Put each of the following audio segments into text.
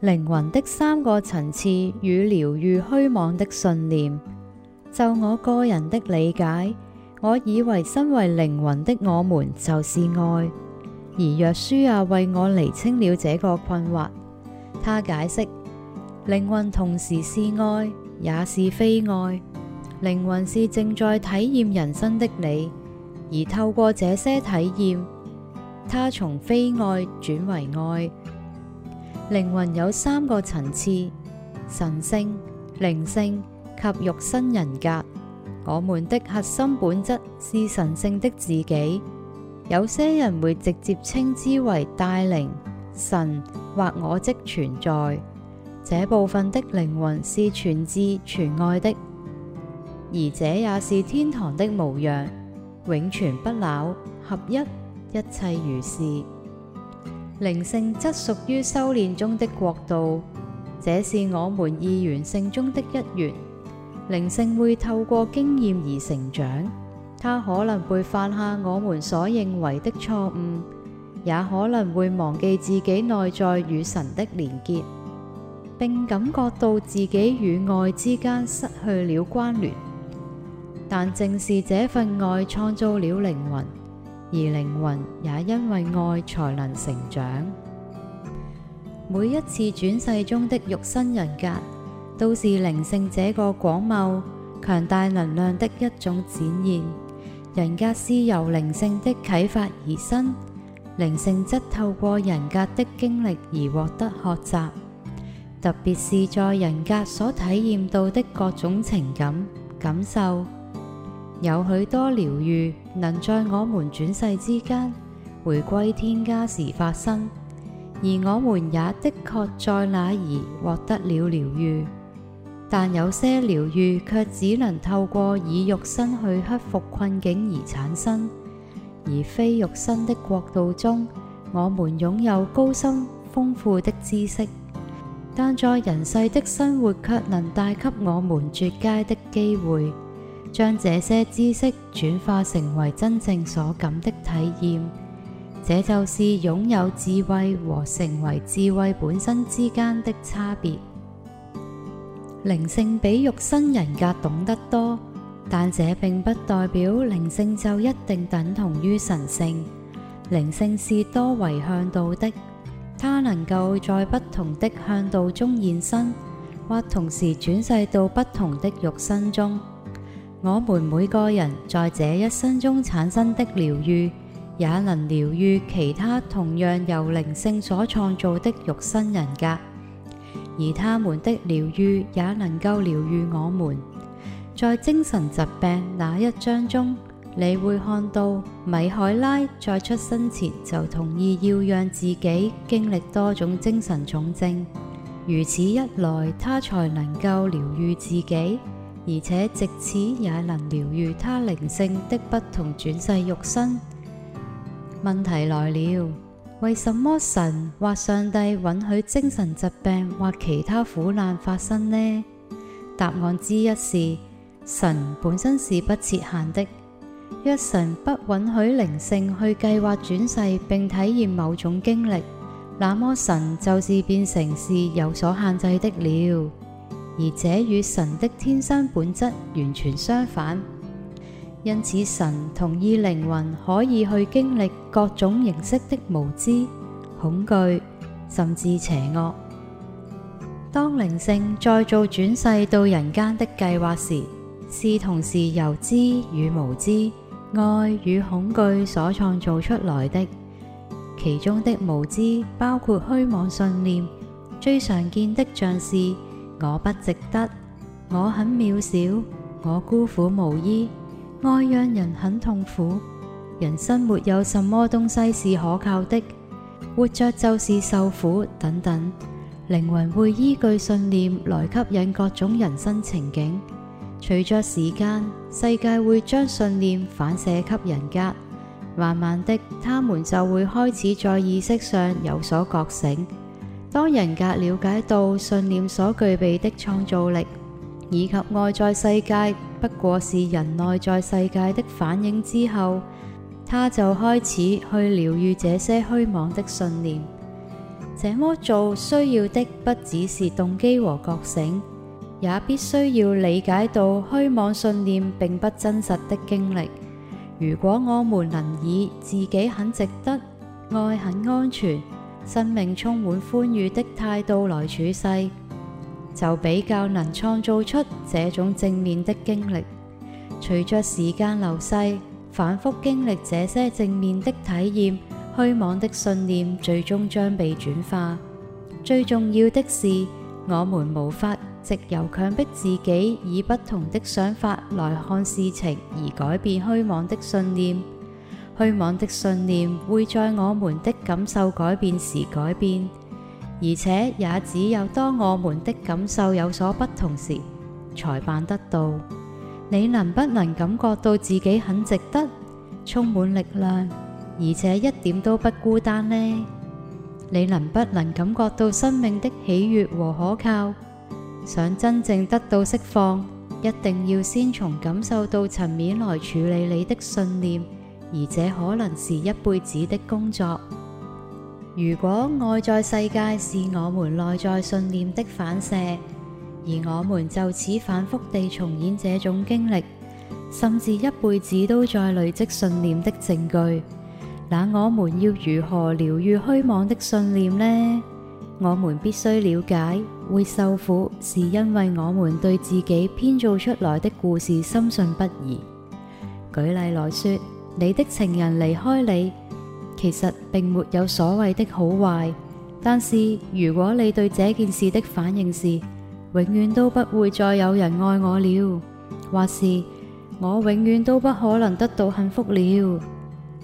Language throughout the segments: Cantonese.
靈魂的三個層次與療癒虛妄的信念。就我個人的理解，我以為身為靈魂的我們就是愛，而約書亞為我厘清了這個困惑。他解釋，靈魂同時是愛也是非愛。靈魂是正在體驗人生的你，而透過這些體驗，他從非愛轉為愛。靈魂有三個層次：神聖、靈性及肉身人格。我們的核心本質是神聖的自己，有些人會直接稱之為大靈、神或我即存在。這部分的靈魂是全智全愛的，而這也是天堂的模樣，永存不朽，合一，一切如是。靈性則屬於修煉中的國度，這是我們二元性中的一元。靈性會透過經驗而成長，它可能會犯下我們所認為的錯誤，也可能會忘記自己內在與神的連結，並感覺到自己與愛之間失去了關聯。但正是這份愛創造了靈魂。而靈魂也因為愛才能成長。每一次轉世中的肉身人格，都是靈性這個廣袤強大能量的一種展現。人格是由靈性的啟發而生，靈性則透過人格的經歷而獲得學習。特別是在人格所體驗到的各種情感感受，有許多療癒能在我們轉世之間回歸天家時發生，而我們也的確在那兒獲得了療愈。但有些療愈卻只能透過以肉身去克服困境而產生，而非肉身的國度中，我們擁有高深豐富的知識，但在人世的生活卻能帶給我們絕佳的機會，將這些知識轉化成為真正所感的體驗，這就是擁有智慧和成為智慧本身之間的差別。靈性比肉身人格懂得多，但這並不代表靈性就一定等同於神性。靈性是多維向道的，它能夠在不同的向道中現身，或同時轉世到不同的肉身中。我們每個人在這一生中產生的療癒，也能療癒其他同樣由靈性所創造的肉身人格，而他們的療癒也能夠療癒我們。在精神疾病那一章中，你會看到米海拉在出生前就同意要讓自己經歷多種精神重症，如此一來，他才能夠療癒自己。而且，藉此也能療癒他靈性的不同轉世肉身。問題來了，為什麼神或上帝允許精神疾病或其他苦難發生呢？答案之一是，神本身是不設限的。若神不允許靈性去計劃轉世並體驗某種經歷，那麼神就是變成是有所限制的了。而這與神的天生本質完全相反，因此神同意靈魂可以去經歷各種形式的無知、恐懼，甚至邪惡。當靈性再做轉世到人間的計劃時，是同時由知與無知、愛與恐懼所創造出來的。其中的無知包括虛妄信念，最常見的像是。我不值得，我很渺小，我孤苦無依，愛讓人很痛苦。人生沒有什麼東西是可靠的，活着就是受苦等等。靈魂會依據信念來吸引各種人生情景，隨着時間，世界會將信念反射給人格，慢慢的，他們就會開始在意識上有所覺醒。當人格了解到信念所具備的創造力，以及外在世界不過是人內在世界的反應之後，他就開始去療癒這些虛妄的信念。這麼做需要的不只是動機和覺醒，也必須要理解到虛妄信念並不真實的經歷。如果我們能以自己很值得、愛很安全、生命充滿寬裕的態度來處世，就比較能創造出這種正面的經歷。隨著時間流逝，反覆經歷這些正面的體驗，虛妄的信念最終將被轉化。最重要的是，我們無法藉由強迫自己以不同的想法來看事情而改變虛妄的信念。虛妄的信念會在我們的感受改變時改變，而且也只有當我們的感受有所不同時，才辦得到。你能不能感覺到自己很值得、充滿力量，而且一點都不孤單呢？你能不能感覺到生命的喜悅和可靠？想真正得到釋放，一定要先從感受到層面來處理你的信念。而這可能是一輩子的工作。如果外在世界是我們內在信念的反射，而我們就此反覆地重演這種經歷，甚至一輩子都在累積信念的證據，那我們要如何療癒虛妄的信念呢？我們必須了解，會受苦是因為我們對自己編造出來的故事深信不疑。舉例來說。你的情人離開你，其實並沒有所謂的好壞。但是如果你對這件事的反應是永遠都不會再有人愛我了，或是我永遠都不可能得到幸福了，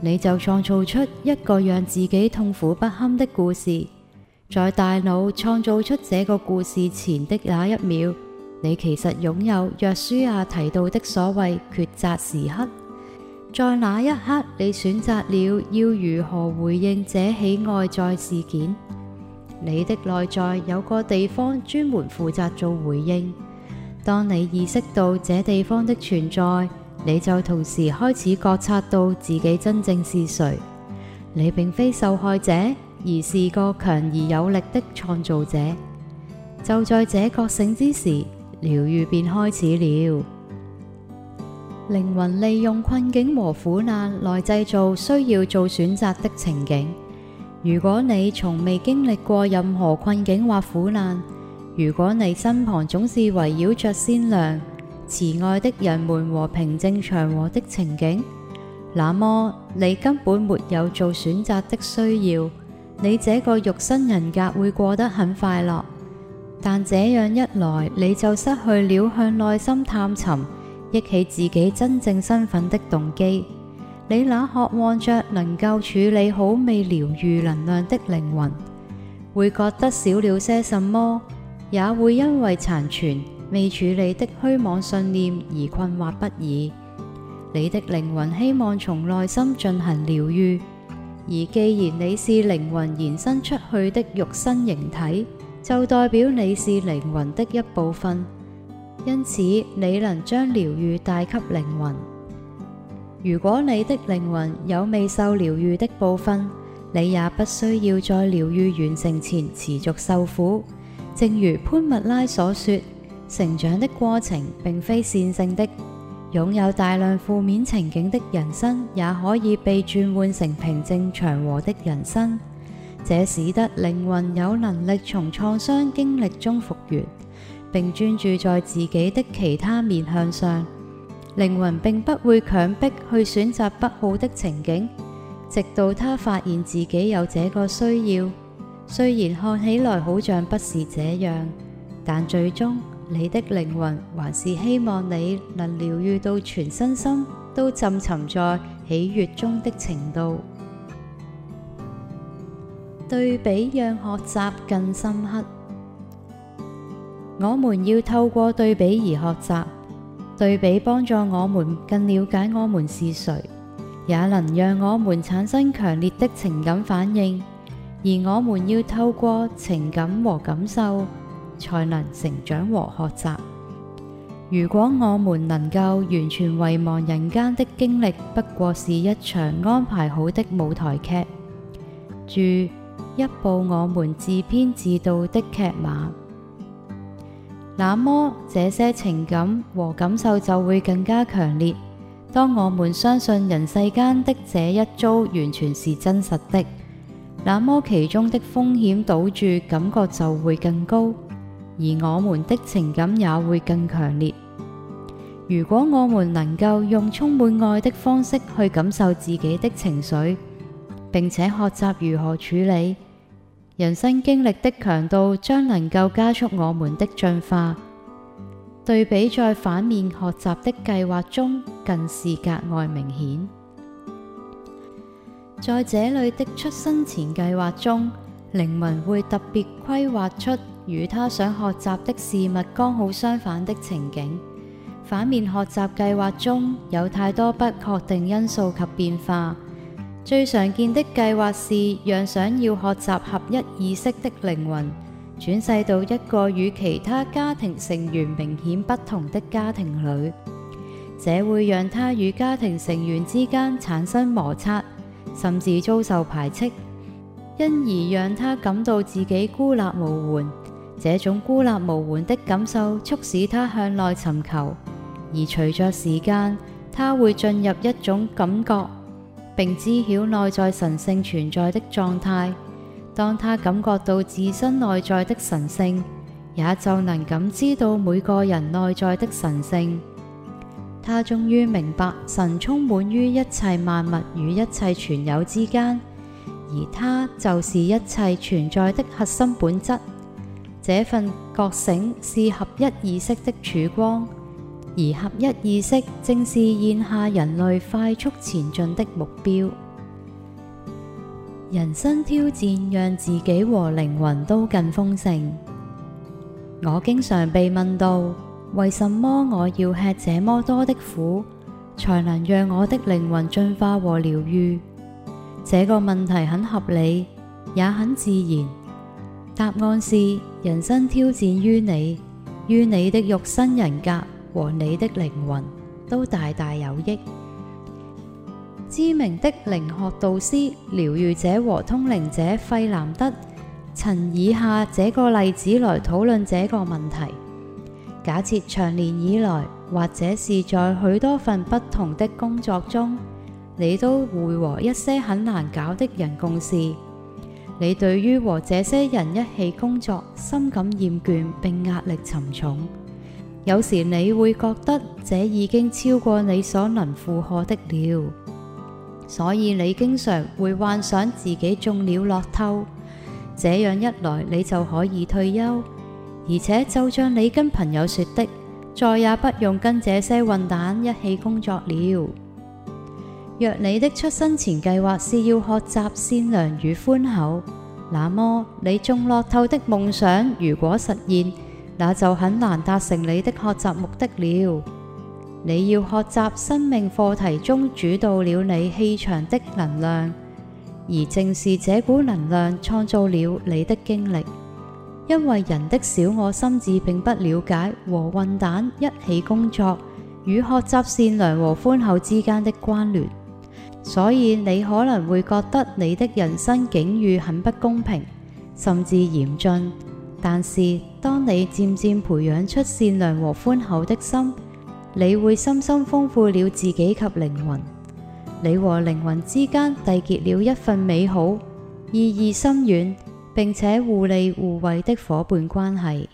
你就創造出一個讓自己痛苦不堪的故事。在大腦創造出這個故事前的那一秒，你其實擁有約書亞提到的所謂抉擇時刻。在那一刻，你選擇了要如何回應這起外在事件。你的內在有個地方專門負責做回應。當你意識到這地方的存在，你就同時開始覺察到自己真正是誰。你並非受害者，而是個強而有力的創造者。就在這覺醒之時，療癒便開始了。靈魂利用困境和苦難來製造需要做選擇的情景。如果你從未經歷過任何困境或苦難，如果你身旁總是圍繞着善良、慈愛的人們和平靜祥和的情景，那麼你根本沒有做選擇的需要。你這個肉身人格會過得很快樂，但這樣一來你就失去了向內心探尋。憶起自己真正身份的動機，你那渴望着能夠處理好未療癒能量的靈魂，會覺得少了些什麼，也會因為殘存未處理的虛妄信念而困惑不已。你的靈魂希望從內心進行療癒，而既然你是靈魂延伸出去的肉身形體，就代表你是靈魂的一部分。因此，你能將療癒帶給靈魂。如果你的靈魂有未受療癒的部分，你也不需要在療癒完成前持續受苦。正如潘蜜拉所說，成長的過程並非線性的。擁有大量負面情景的人生，也可以被轉換成平靜祥和的人生。這使得靈魂有能力從創傷經歷中復原。並專注在自己的其他面向上，靈魂並不會強迫去選擇不好的情景，直到他發現自己有這個需要。雖然看起來好像不是這樣，但最終你的靈魂還是希望你能療癒到全身心都浸沉在喜悅中的程度。對比讓學習更深刻。我們要透過對比而學習，對比幫助我們更了解我們是誰，也能讓我們產生強烈的情感反應。而我們要透過情感和感受，才能成長和學習。如果我們能夠完全遺忘人間的經歷，不過是一場安排好的舞台劇，注：一部我們自編自導的劇碼。那麼這些情感和感受就會更加強烈。當我們相信人世間的這一遭完全是真實的，那麼其中的風險賭注感覺就會更高，而我們的情感也會更強烈。如果我們能夠用充滿愛的方式去感受自己的情緒，並且學習如何處理。人生經歷的強度將能夠加速我們的進化，對比在反面學習的計劃中，更是格外明顯。在這裏的出生前計劃中，靈魂會特別規劃出與他想學習的事物剛好相反的情景。反面學習計劃中有太多不確定因素及變化。最常見的計劃是讓想要學習合一意識的靈魂轉世到一個與其他家庭成員明顯不同的家庭裏，這會讓他與家庭成員之間產生摩擦，甚至遭受排斥，因而讓他感到自己孤立無援。這種孤立無援的感受促使他向內尋求，而隨着時間，他會進入一種感覺。並知曉內在神聖存在的狀態。當他感覺到自身內在的神聖，也就能感知到每個人內在的神聖。他終於明白，神充滿於一切萬物與一切存有之間，而他就是一切存在的核心本質。這份覺醒是合一意識的曙光。而合一意識正是現下人類快速前進的目標。人生挑戰，讓自己和靈魂都更豐盛。我經常被問到：為什麼我要吃這麼多的苦，才能讓我的靈魂進化和療癒？這個問題很合理，也很自然。答案是：人生挑戰於你，於你的肉身人格。和你的靈魂都大大有益。知名的靈學導師、療愈者和通靈者費南德曾以下這個例子來討論這個問題：假設長年以來，或者是在許多份不同的工作中，你都會和一些很難搞的人共事，你對於和這些人一起工作深感厭倦並壓力沉重。有時你會覺得這已經超過你所能負荷的了，所以你經常會幻想自己中了樂透，這樣一來你就可以退休，而且就像你跟朋友說的，再也不用跟這些混蛋一起工作了。若你的出生前計劃是要學習善良與寬厚，那麼你中樂透的夢想如果實現，那就很難達成你的學習目的了。你要學習生命課題中主導了你氣場的能量，而正是這股能量創造了你的經歷。因為人的小我心智並不了解和混蛋一起工作與學習善良和寬厚之間的關聯，所以你可能會覺得你的人生境遇很不公平，甚至嚴峻。但是，當你漸漸培養出善良和寬厚的心，你會深深豐富了自己及靈魂。你和靈魂之間締結了一份美好、意義深遠，並且互利互惠的夥伴關係。